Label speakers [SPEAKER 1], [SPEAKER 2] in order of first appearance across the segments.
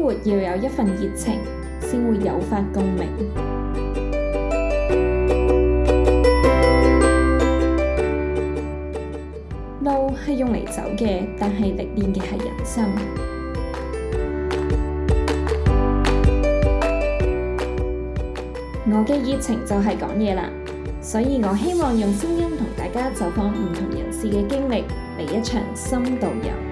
[SPEAKER 1] 生活要有一份熱情，先會有法共鳴。路係、 no，用嚟走嘅，但係歷練嘅係人生。 我嘅熱情就係講嘢啦，所以我希望用聲音同大家走訪唔同人士嘅經歷，嚟一場深度遊。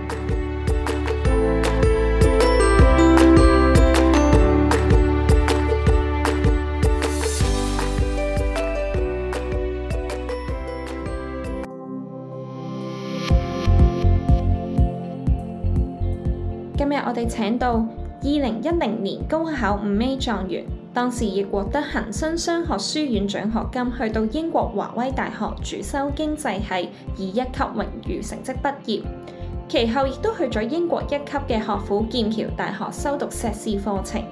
[SPEAKER 1] 我哋請到二零一零年高考五 A 狀元，當時亦獲得恒生商學書院獎學金，去到英國華威大學主修經濟系，以一級榮譽成績畢業。其後亦都去咗英國一級嘅學府劍橋大學修讀碩士課程。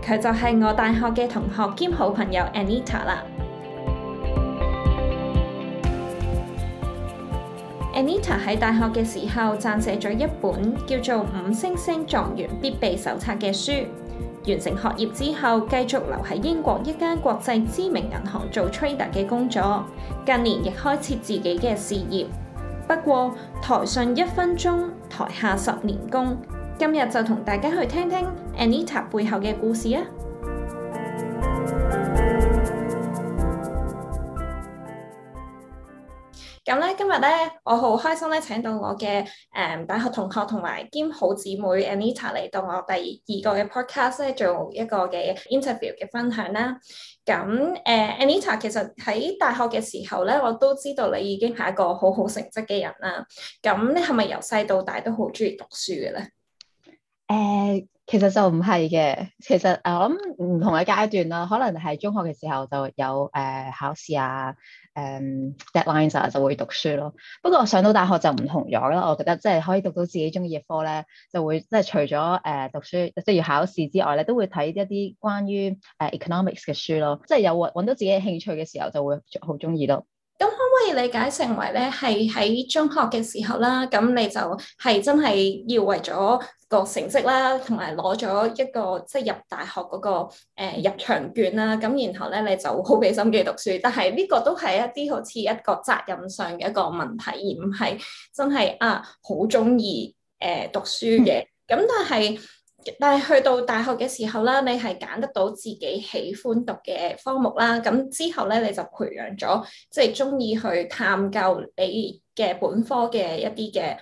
[SPEAKER 1] 佢就係我大學嘅同學兼好朋友 Anita 啦。Anita 喺大學嘅時候撰寫咗一本叫做《五星星狀元必備手冊》嘅書。完成學業之後，繼續留喺英國一間國際知名銀行做 trader 嘅工作。近年亦開始自己嘅事業。不過台上一分鐘，台下十年功。今日就同大家去聽聽 Anita 背後嘅故事啊！咁咧，今日咧，我好開心咧，請到我嘅誒、呃、大學同學同埋兼好姊妹 Anita 嚟到我第二個嘅 podcast 咧，做一個嘅 interview 嘅分享啦。咁誒、呃，Anita 其實喺大學嘅時候咧，我都知道你已經係一個好好成績嘅人啦。咁你係咪由細到大都好中意讀書嘅咧？
[SPEAKER 2] 誒、呃，其實就唔係嘅。其實誒，我諗唔同嘅階段啦，可能係中學嘅時候就有誒、呃、考試啊。誒、um,，deadline 就、uh, 就會讀書咯。不過上到大學就唔同咗啦，我覺得即係可以讀到自己中意嘅科咧，就會即係除咗誒、uh, 讀書，即、就、係、是、要考試之外咧，都會睇一啲關於誒
[SPEAKER 1] economics 嘅書咯。即、就、係、是、有搵到自己興趣嘅時候，就會好中意咯。咁可唔可以理解成為咧，係喺中學嘅時候啦，咁你就係真係要為咗個成績啦，同埋攞咗一個即係入大學嗰個誒入場券啦，咁然後咧你就好俾心機讀書，但係呢個都係一啲好似一個責任上嘅一個問題，而唔係真係啊好中意誒讀書嘅，咁但係。但係去到大學嘅時候啦，你係揀得到自己喜歡讀嘅科目啦。咁之後咧，你就培養咗即係中意去探究你嘅本科嘅一啲嘅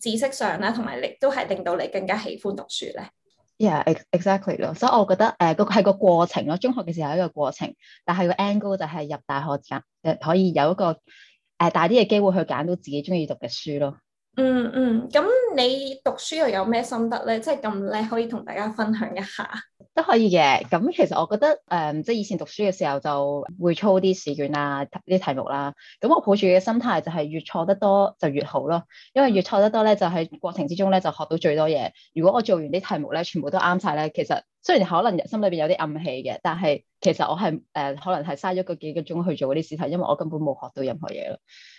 [SPEAKER 1] 誒知識上啦，同埋亦都係令到你更加喜歡讀書咧。
[SPEAKER 2] Yeah，exactly 咯，so，所以我覺得誒個係個過程咯。中學嘅時候係一個過程，但係個 angle 就係入大學入可以有一個誒大啲嘅機會去揀到自己中意讀嘅書咯。
[SPEAKER 1] 嗯嗯，咁、嗯、你讀書又有咩心得咧？即係咁咧，可以同大家分享一下。
[SPEAKER 2] 都可以嘅，咁其實我覺得誒、嗯，即係以前讀書嘅時候就會操啲試卷啊，啲題目啦、啊。咁我抱住嘅心態就係越錯得多就越好咯。因為越錯得多咧，就喺過程之中咧就學到最多嘢。如果我做完啲題目咧，全部都啱晒咧，其實雖然可能心裏邊有啲暗氣嘅，但係其實我係誒、呃、可能係嘥咗個幾個鐘去做嗰啲試題，因為我根本冇學到任何嘢咯。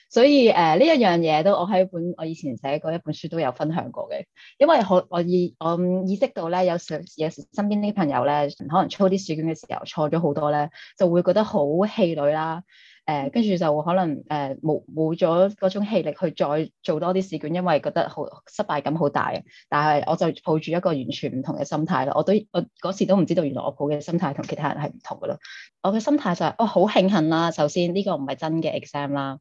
[SPEAKER 2] 所以，誒呢一樣嘢都我，我喺本我以前寫過一本書都有分享過嘅，因為我我意我意識到咧，有時有時身邊啲朋友咧，可能操啲試卷嘅時候錯咗好多咧，就會覺得好氣餒啦。誒，跟住、呃、就可能誒，冇冇咗嗰種氣力去再做多啲試卷，因為覺得好失敗，感好大。但係我就抱住一個完全唔同嘅心態咯，我都我嗰時都唔知道原來我抱嘅心態同其他人係唔同噶咯。我嘅心態就係、是，哇、哦，好慶幸啦！首先呢、這個唔係真嘅 exam 啦，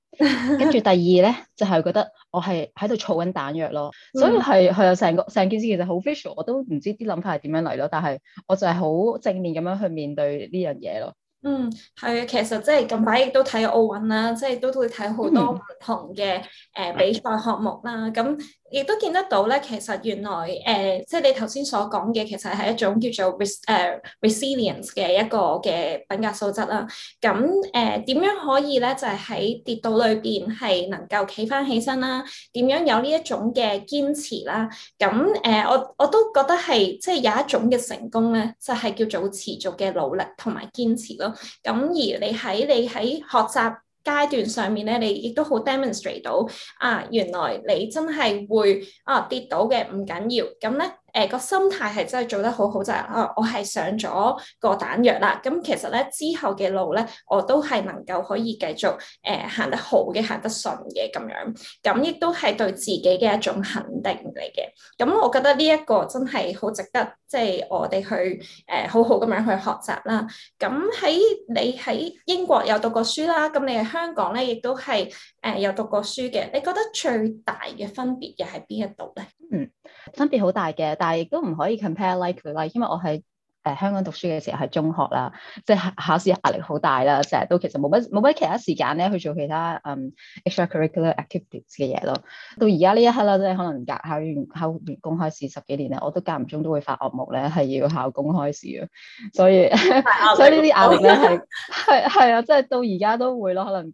[SPEAKER 2] 跟住第二咧 就係覺得我係喺度儲緊彈藥咯。所以係係 有成個成件事其實好 fashion，我都唔知啲諗法係點樣嚟咯。但係我就係好正面咁樣去面對
[SPEAKER 1] 呢樣嘢咯。嗯，係啊，其實即係近排亦都睇奧運啦，即係都會睇好多唔同嘅誒、嗯呃、比賽項目啦，咁。亦都見得到咧，其實原來誒、呃，即係你頭先所講嘅，其實係一種叫做 res、uh, resilience 嘅一個嘅品格素質啦。咁誒點樣可以咧，就係、是、喺跌倒裏邊係能夠企翻起身啦？點樣有呢一種嘅堅持啦？咁誒、呃，我我都覺得係即係有一種嘅成功咧，就係、是、叫做持續嘅努力同埋堅持咯。咁而你喺你喺學習階段上面咧，你亦都好 demonstrate 到啊，原來你真係會啊跌到嘅，唔緊要，咁咧。誒個、呃、心態係真係做得好好就係、是、哦、啊，我係上咗個彈藥啦。咁、嗯、其實咧之後嘅路咧，我都係能夠可以繼續誒、呃、行得好嘅，行得順嘅咁樣。咁亦都係對自己嘅一種肯定嚟嘅。咁、嗯、我覺得呢一個真係好值得，即、就、係、是、我哋去誒、呃、好好咁樣去學習啦。咁、嗯、喺你喺英國有讀過書啦，咁你喺香港咧亦都係誒、呃、有讀過書嘅。你覺得最大嘅分別又係邊一度咧？嗯，分
[SPEAKER 2] 別好大嘅。但係亦都唔可以 compare like 佢啦，因為我係。誒香港讀書嘅時候係中學啦，即係考試壓力好大啦，成日都其實冇乜冇乜其他時間咧去做其他嗯 extra curricular activities 嘅嘢咯。到而家呢一刻啦，即係可能隔考完考完公開試十幾年啦，我都間唔中都會發惡夢咧，係要考公開試啊。所以 所以呢啲壓力咧係係係啊，即係到而家都會咯，可能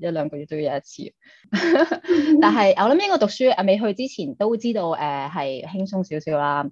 [SPEAKER 2] 一兩個月都要有一次。 但係我諗英國讀書啊，未去之前都知道誒係、呃、輕鬆少少啦，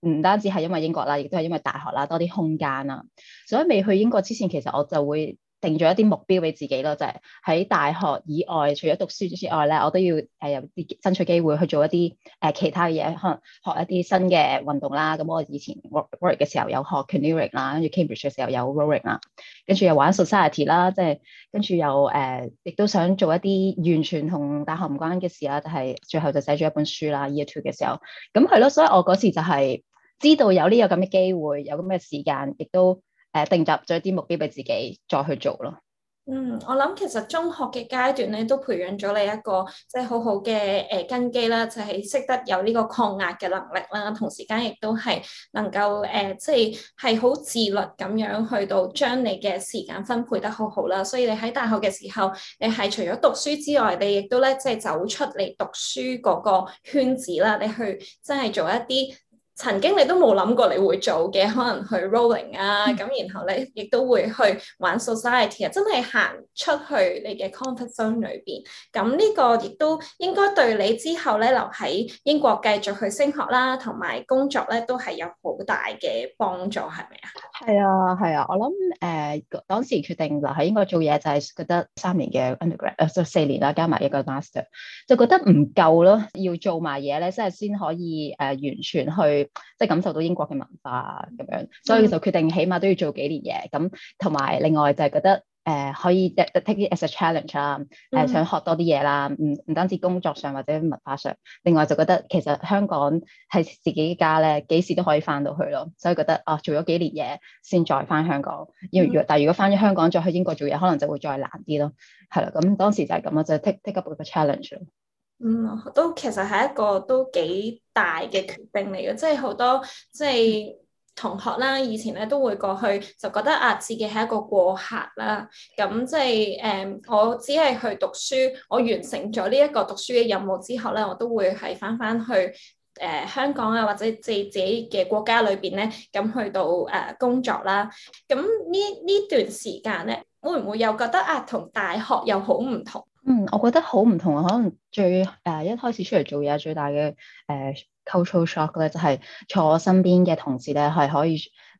[SPEAKER 2] 唔單止係因為英國啦，亦都係因為大學。嗱，多啲空間啦，所以未去英國之前，其實我就會定咗一啲目標俾自己咯，就係、是、喺大學以外，除咗讀書之外咧，我都要誒有啲爭取機會去做一啲誒、呃、其他嘢，可能學一啲新嘅運動啦。咁、嗯、我以前 work work 嘅時候有學 canoeing 啦，跟住 Cambridge 嘅時候有 rowing 啦，跟住又玩 society 啦，即係跟住又誒，亦、呃、都想做一啲完全同大學唔關嘅事啦。就係最後就寫咗一本書啦，Year Two 嘅時候，咁係咯，所以我嗰時就係、是。知道有呢個咁嘅機會，有咁嘅時間，亦都誒定立咗啲目標俾自己再去做咯。嗯，
[SPEAKER 1] 我諗其實中學嘅階段咧，都培養咗你一個即係好好嘅誒根基啦，就係識得有呢個抗壓嘅能力啦。同時間亦都係能夠誒，即係係好自律咁樣去到將你嘅時間分配得好好啦。所以你喺大學嘅時候，你係除咗讀書之外，你亦都咧即係走出你讀書嗰個圈子啦，你去真係做一啲。曾經你都冇諗過你會做嘅，可能去 rolling 啊，咁然後咧亦都會去玩 society 啊，真係行出去你嘅 comfort zone 裏邊。咁呢個亦都應該對你之後咧留喺英國繼續去升學啦，同埋工作咧都係有好大嘅幫助，係咪啊？
[SPEAKER 2] 係啊，係啊，我諗誒、呃，當時決定留喺英國就係應該做嘢，就係覺得三年嘅 undergrad，誒、呃，即四年啦，加埋一個 master，就覺得唔夠咯，要做埋嘢咧，即係先可以誒、呃，完全去即係感受到英國嘅文化咁樣，所以就決定起碼都要做幾年嘢咁，同埋另外就係覺得。誒、uh, 可以 take take it as a challenge 啦，誒想學多啲嘢啦，唔唔單止工作上或者文化上，另外就覺得其實香港係自己家咧，幾時都可以翻到去咯。所以覺得啊，做咗幾年嘢先再翻香港，因為但係如果翻咗香港再去英國做嘢，可能就會再難啲咯。係啦，咁當時就係咁咯，就 take take up 嗰個 challenge 咯。嗯，
[SPEAKER 1] 都其實係一個都幾大嘅決定嚟嘅，即係好多即係。即係嗯同學啦，以前咧都會過去，就覺得啊自己係一個過客啦。咁即係誒，我只係去讀書，我完成咗呢一個讀書嘅任務之後咧，我都會係返返去誒、呃、香港啊，或者自己自己嘅國家裏邊咧，咁去到誒、呃、工作啦。咁呢呢段時間咧，會唔會又覺得啊，同大學又好唔同？
[SPEAKER 2] 嗯，我覺得好唔同啊。可能最誒、呃、一開始出嚟做嘢最大嘅誒。呃 culture shock 咧，就係坐我身邊嘅同事咧，係可以，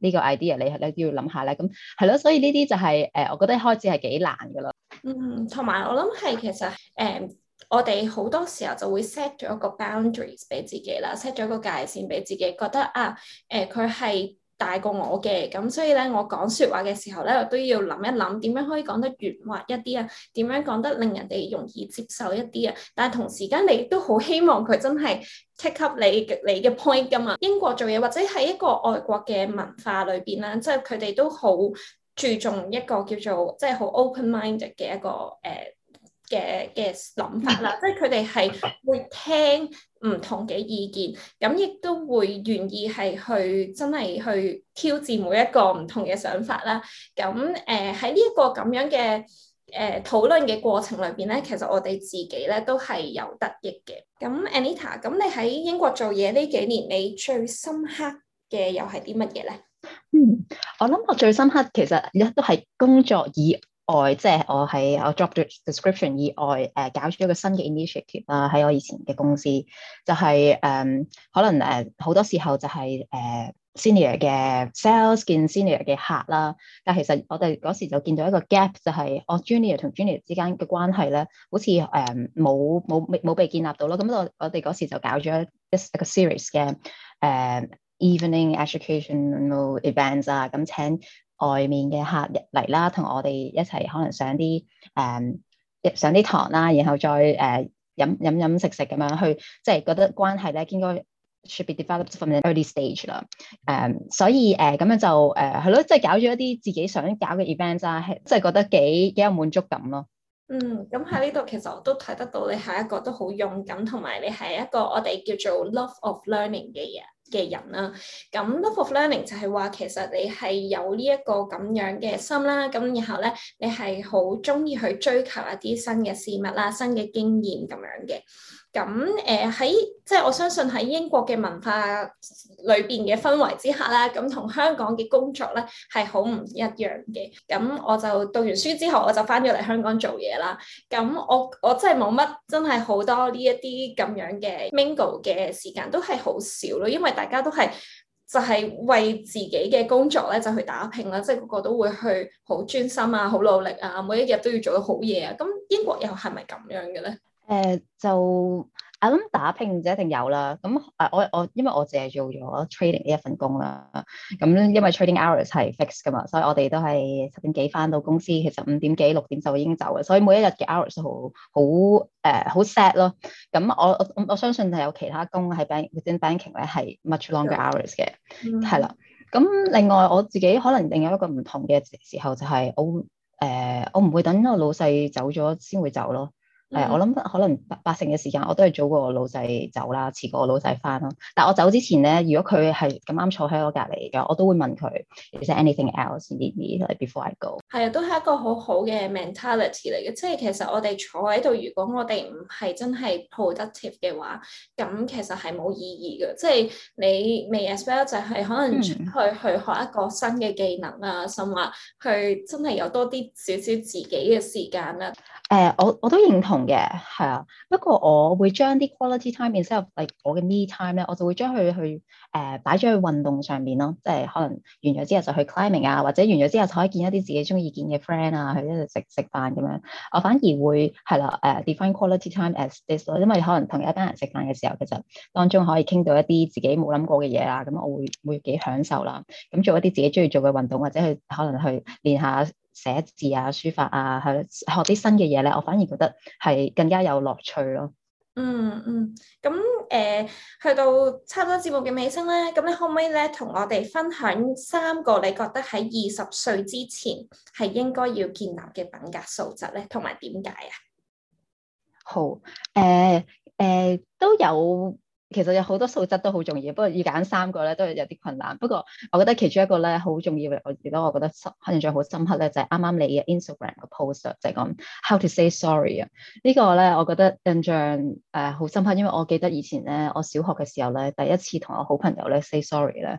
[SPEAKER 2] 呢個 idea 你係你都要諗下啦，咁係咯，所以呢啲就係、是、誒、呃，我覺得開始係幾難噶咯。嗯，
[SPEAKER 1] 同埋我諗係其實誒、呃，我哋好多時候就會 set 咗個 boundaries 俾自己啦，set 咗個界線俾自己，覺得啊誒，佢、呃、係大過我嘅，咁所以咧，我講說話嘅時候咧，我都要諗一諗點樣可以講得圓滑一啲啊，點樣講得令人哋容易接受一啲啊。但係同時間你都好希望佢真係 take up 你嘅你嘅 point 噶嘛。英國做嘢或者喺一個外國嘅文化裏邊咧，即係佢哋都好注重一個叫做即係好 open minded 嘅一個誒。Uh, 嘅嘅諗法啦，即係佢哋係會聽唔同嘅意見，咁亦都會願意係去真係去挑戰每一個唔同嘅想法啦。咁誒喺呢一個咁樣嘅誒、呃、討論嘅過程裏邊咧，其實我哋自己咧都係有得益嘅。咁 Anita，咁你喺英國做嘢呢幾年，你最深刻嘅又係啲乜嘢咧？
[SPEAKER 2] 嗯，我諗我最深刻其實而家都係工作以外即係我喺我 job description 以外，誒、啊、搞咗一個新嘅 initiative 啦，喺我以前嘅公司就係、是、誒、嗯、可能誒好、啊、多時候就係、是、誒、啊、senior 嘅 sales 見 senior 嘅客啦，但係其實我哋嗰時就見到一個 gap，就係、是、我、啊、junior 同 junior 之間嘅關係咧，好似誒冇冇冇被建立到咯。咁我我哋嗰時就搞咗一一個 series、啊嘅誒 evening educational events 啊咁整。請外面嘅客人嚟啦，同我哋一齊可能上啲誒、嗯、上啲堂啦，然後再誒、呃、飲飲飲食食咁樣去，即係覺得關係咧應該 should be developed from the early stage 啦。誒、嗯，所以誒咁、呃、樣就誒係咯，即、呃、係、就是、搞咗一啲自己想搞嘅 event 啊，係即係覺得幾幾有滿足感咯。嗯，
[SPEAKER 1] 咁喺呢度其實我都睇得到你係一個都好勇敢，同埋你係一個我哋叫做 love of learning 嘅人。嘅人啦，咁 Love of Learning 就係話，其實你係有呢一個咁樣嘅心啦，咁然後咧你係好中意去追求一啲新嘅事物啦，新嘅經驗咁樣嘅。咁誒喺即係我相信喺英國嘅文化裏邊嘅氛圍之下啦，咁同香港嘅工作咧係好唔一樣嘅。咁我就讀完書之後，我就翻咗嚟香港做嘢啦。咁我我真係冇乜真係好多呢一啲咁樣嘅 mingle 嘅時間，都係好少咯，因為大家都係就係、是、為自己嘅工作咧就去打拼啦，即係個個都會去好專心啊，好努力啊，每一日都要做到好嘢啊。咁英國又係咪咁樣嘅咧？
[SPEAKER 2] 誒、呃、就我諗打拼就一定有啦。咁、嗯、誒我我因為我淨係做咗 trading 呢一份工啦。咁因為 trading hours 係 fixed 㗎嘛，所以我哋都係十點幾翻到公司，其實五點幾六點就已經走嘅，所以每一日嘅 hours 好好誒好 sad 咯。咁我我，我相信係有其他工喺 bank, banking 咧係 much longer hours 嘅，係、嗯、啦。咁另外我自己可能另一個唔同嘅時候就係我誒、呃、我唔會等個老細走咗先會走咯。係，嗯、我諗可能八成嘅時間，我都係早過我老細走啦，遲過我老細翻咯。但係我走之前咧，如果佢係咁啱坐喺我隔離嘅，我都會問佢：Is there anything else you need me like before I
[SPEAKER 1] go？係啊，都係一個好好嘅 mentality 嚟嘅。即係其實我哋坐喺度，如果我哋唔係真係 productive 嘅話，咁其實係冇意義嘅。即係你未 as well 就係可能出去去學一個新嘅技能啊，嗯、甚或去真係有多啲少少自己嘅時間啦、
[SPEAKER 2] 啊。誒、嗯，我我都認同。嘅係啊，不過我會將啲 quality time itself，like 我嘅 me time 咧，我就會將佢去誒擺咗去運動上面咯，即係可能完咗之後就去 climbing 啊，或者完咗之後就可以見一啲自己中意見嘅 friend 啊，去一齊食食飯咁樣。我反而會係啦誒 define quality time as this 咯，因為可能同一班人食飯嘅時候，其實當中可以傾到一啲自己冇諗過嘅嘢啊，咁我會會幾享受啦。咁做一啲自己中意做嘅運動，或者去可能去練下，寫字啊、書法啊、係學啲新嘅嘢咧，我反而覺得係更加有樂趣咯。嗯嗯，
[SPEAKER 1] 咁、嗯、誒、呃，去到差唔多節目嘅尾聲咧，咁你可唔可以咧同我哋分享三個你覺得喺二十歲之前係應該要建立嘅品格素質咧，同埋點解啊？
[SPEAKER 2] 好，誒、呃、誒、呃，都有。其實有好多素質都好重要，不過要揀三個咧，都係有啲困難。不過我覺得其中一個咧好重要嘅，我亦都我覺得深印象好深刻咧，就係啱啱你嘅 Instagram 個 post，就係講 how to say sorry 啊。呢個咧，我覺得印象誒好、呃、深刻，因為我記得以前咧，我小學嘅時候咧，第一次同我好朋友咧 say sorry 咧。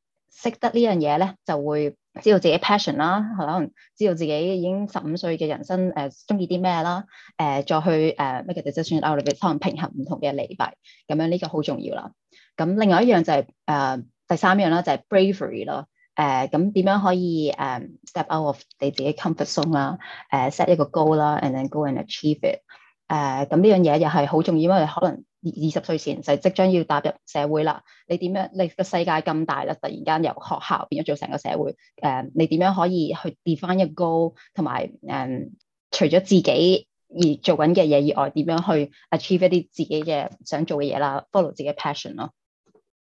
[SPEAKER 2] 識得呢樣嘢咧，就會知道自己 passion 啦，係可能知道自己已經十五歲嘅人生，誒、呃，中意啲咩啦，誒、呃，再去誒、呃、make a decision out of it，可能平衡唔同嘅利弊，咁樣呢、這個好重要啦。咁、嗯、另外一樣就係、是、誒、呃、第三樣啦、呃，就係 bravery 咯，誒，咁點樣可以誒、呃、step out of 你自己 comfort zone 啦、呃，誒 set 一個 goal 啦，and then go and achieve it，誒、呃，咁呢樣嘢又係好重要，因為可能。二十歲前就是、即將要踏入社會啦，你點樣？你個世界咁大啦，突然間由學校變咗做成個社會，誒，你點樣可以去 define a goal，同埋誒，除咗自己而做緊嘅嘢以外，點樣去 achieve 一啲自己嘅想做嘅嘢啦？follow 自己嘅 passion 咯。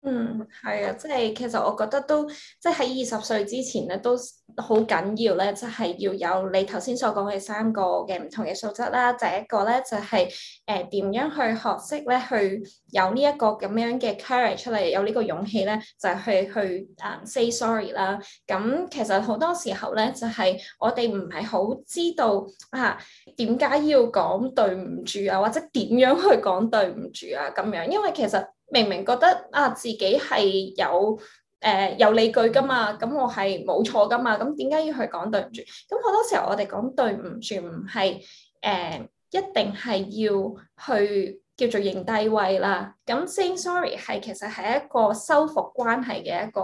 [SPEAKER 1] 嗯，係啊，即係其實我覺得都即係喺二十歲之前咧，都好緊要咧，即係要有你頭先所講嘅三個嘅唔同嘅素質啦。第一個咧，就係誒點樣去學識咧，去有呢一個咁樣嘅 courage 出嚟，有呢個勇氣咧，就係去去誒 say sorry 啦。咁其實好多時候咧，就係我哋唔係好知道啊，點解要講對唔住啊，或者點樣去講對唔住啊咁樣，因為其實。明明覺得啊自己係有誒、呃、有理據㗎嘛，咁我係冇錯㗎嘛，咁點解要去講對唔住？咁好多時候我哋講對唔住唔係誒一定係要去。叫做認低位啦，咁 saying sorry 係其實係一個修復關係嘅一個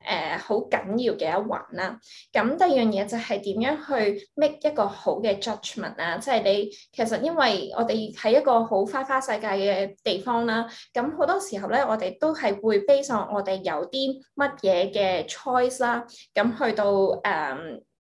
[SPEAKER 1] 誒好緊要嘅一環啦。咁第二樣嘢就係點樣去 make 一個好嘅 judgment 啦，即係你其實因為我哋喺一個好花花世界嘅地方啦，咁好多時候咧，我哋都係會 based on 我哋有啲乜嘢嘅 choice 啦，咁去到誒。呃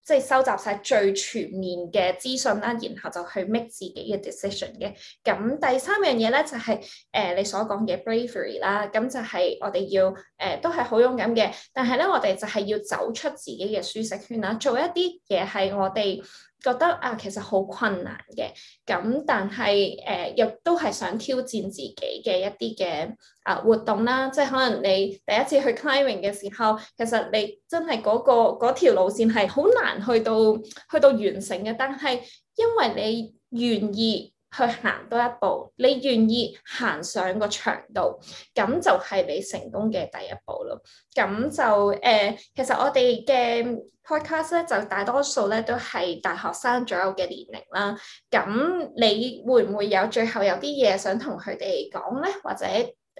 [SPEAKER 1] 即係收集晒最全面嘅資訊啦，然後就去 make 自己嘅 decision 嘅。咁第三樣嘢咧就係、是、誒、呃、你所講嘅 bravery 啦，咁就係我哋要誒、呃、都係好勇敢嘅，但係咧我哋就係要走出自己嘅舒適圈啦，做一啲嘢係我哋。覺得啊，其實好困難嘅，咁但係誒、呃，亦都係想挑戰自己嘅一啲嘅啊活動啦，即係可能你第一次去 climbing 嘅時候，其實你真係嗰個嗰條路線係好難去到去到完成嘅，但係因為你願意。去行多一步，你願意行上個長度，咁就係你成功嘅第一步咯。咁就誒、呃，其實我哋嘅 podcast 咧，就大多數咧都係大學生左右嘅年齡啦。咁你會唔會有最後有啲嘢想同佢哋講咧，或者？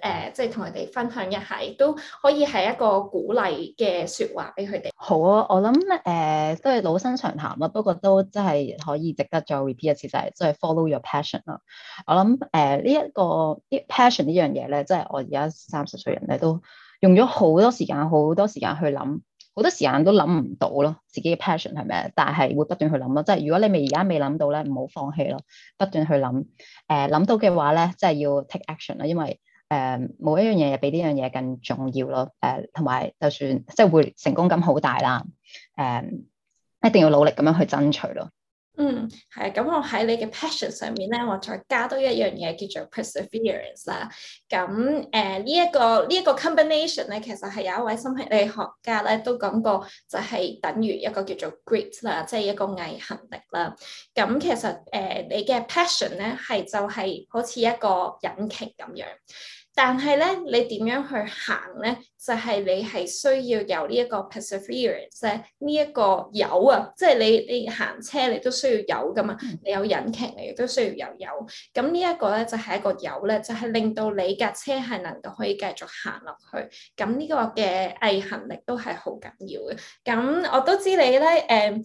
[SPEAKER 1] 誒、呃，即係同佢哋分享一下，都可以係一個鼓勵嘅説話俾佢哋。
[SPEAKER 2] 好啊，我諗誒、呃、都係老生常談啦，不過都真係可以值得再 repeat 一次，就係、是、真係 follow your passion 啦。我諗誒呢一個啲 passion 呢樣嘢咧，即係我而家三十歲人咧，都用咗好多時間，好多時間去諗，好多時間都諗唔到咯，自己嘅 passion 係咩？但係會不斷去諗咯。即係如果你未而家未諗到咧，唔好放棄咯，不斷去諗。誒、呃、諗到嘅話咧，即係要 take action 啦，因為誒，冇一樣嘢比呢樣嘢更重要咯。誒，同埋就算即係會成功感好大啦。誒，一定要努力咁樣去爭取咯。
[SPEAKER 1] 嗯，係。咁我喺你嘅 passion 上面咧，我再加多一樣嘢叫做 perseverance 啦。咁誒，呢一個、呃、呢一個 combination 咧，其實係有一位心理學家咧都講過，就係等於一個叫做 grit 啦，即係一個毅恆力啦。咁其實誒、呃，你嘅 passion 咧係就係好似一個引擎咁樣。但係咧，你點樣去行咧？就係、是、你係需要有呢一個 perseverance 咧，呢一個油啊，即係你你行車你都需要有噶嘛，你有引擎你亦都需要有油。咁呢、就是、一個咧就係一個油咧，就係、是、令到你架車係能夠可以繼續行落去。咁呢個嘅毅恆力都係好緊要嘅。咁我都知你咧，誒、嗯。